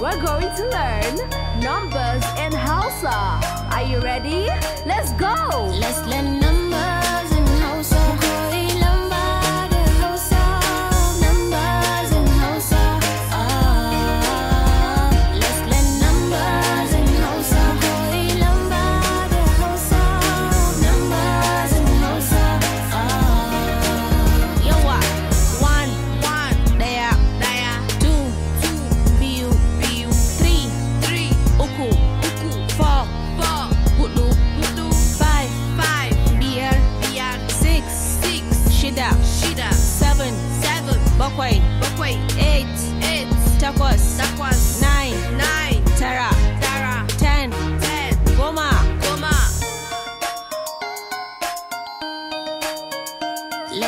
we're going to learn numbers in Hausa. Are you ready? Let's go! Let's learn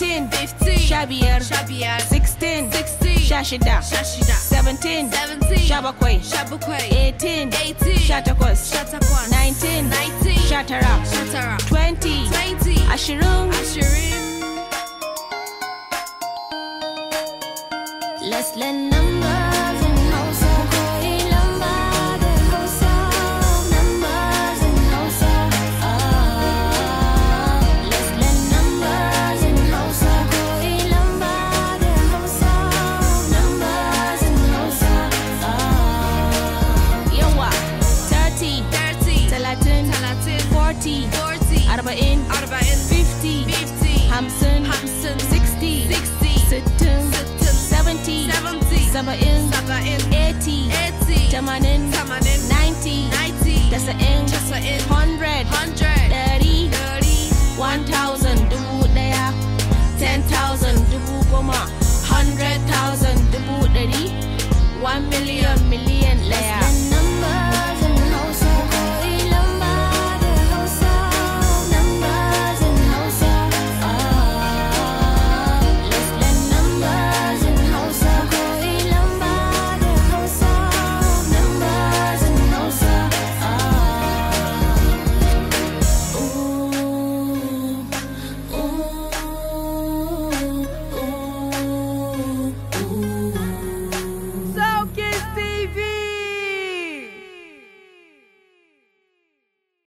15, 15 Shabiyar, Shabiyar 16, 16 Shashida, Shashida 17, 17 Shabakwai, Shabakwai 18, 18 Shatakwas, Shatakwas 19, 19 Shatara, Shatara 20, 20 Ashirin, Ashirin Let's learn numbers about in, out about in. 50, 50. Hamson, Hamson. 60, 60. Sittin, Sittin. 70, 70. Summer in, Summer in. 80, 80. Tamanin, Tamanin. 90, 90. That's an in, just an in. 100, 100. 30, 30. 1,000, dubu daya. 10,000, dubu goma. 100,000, dubu dari. 1 million, million layer.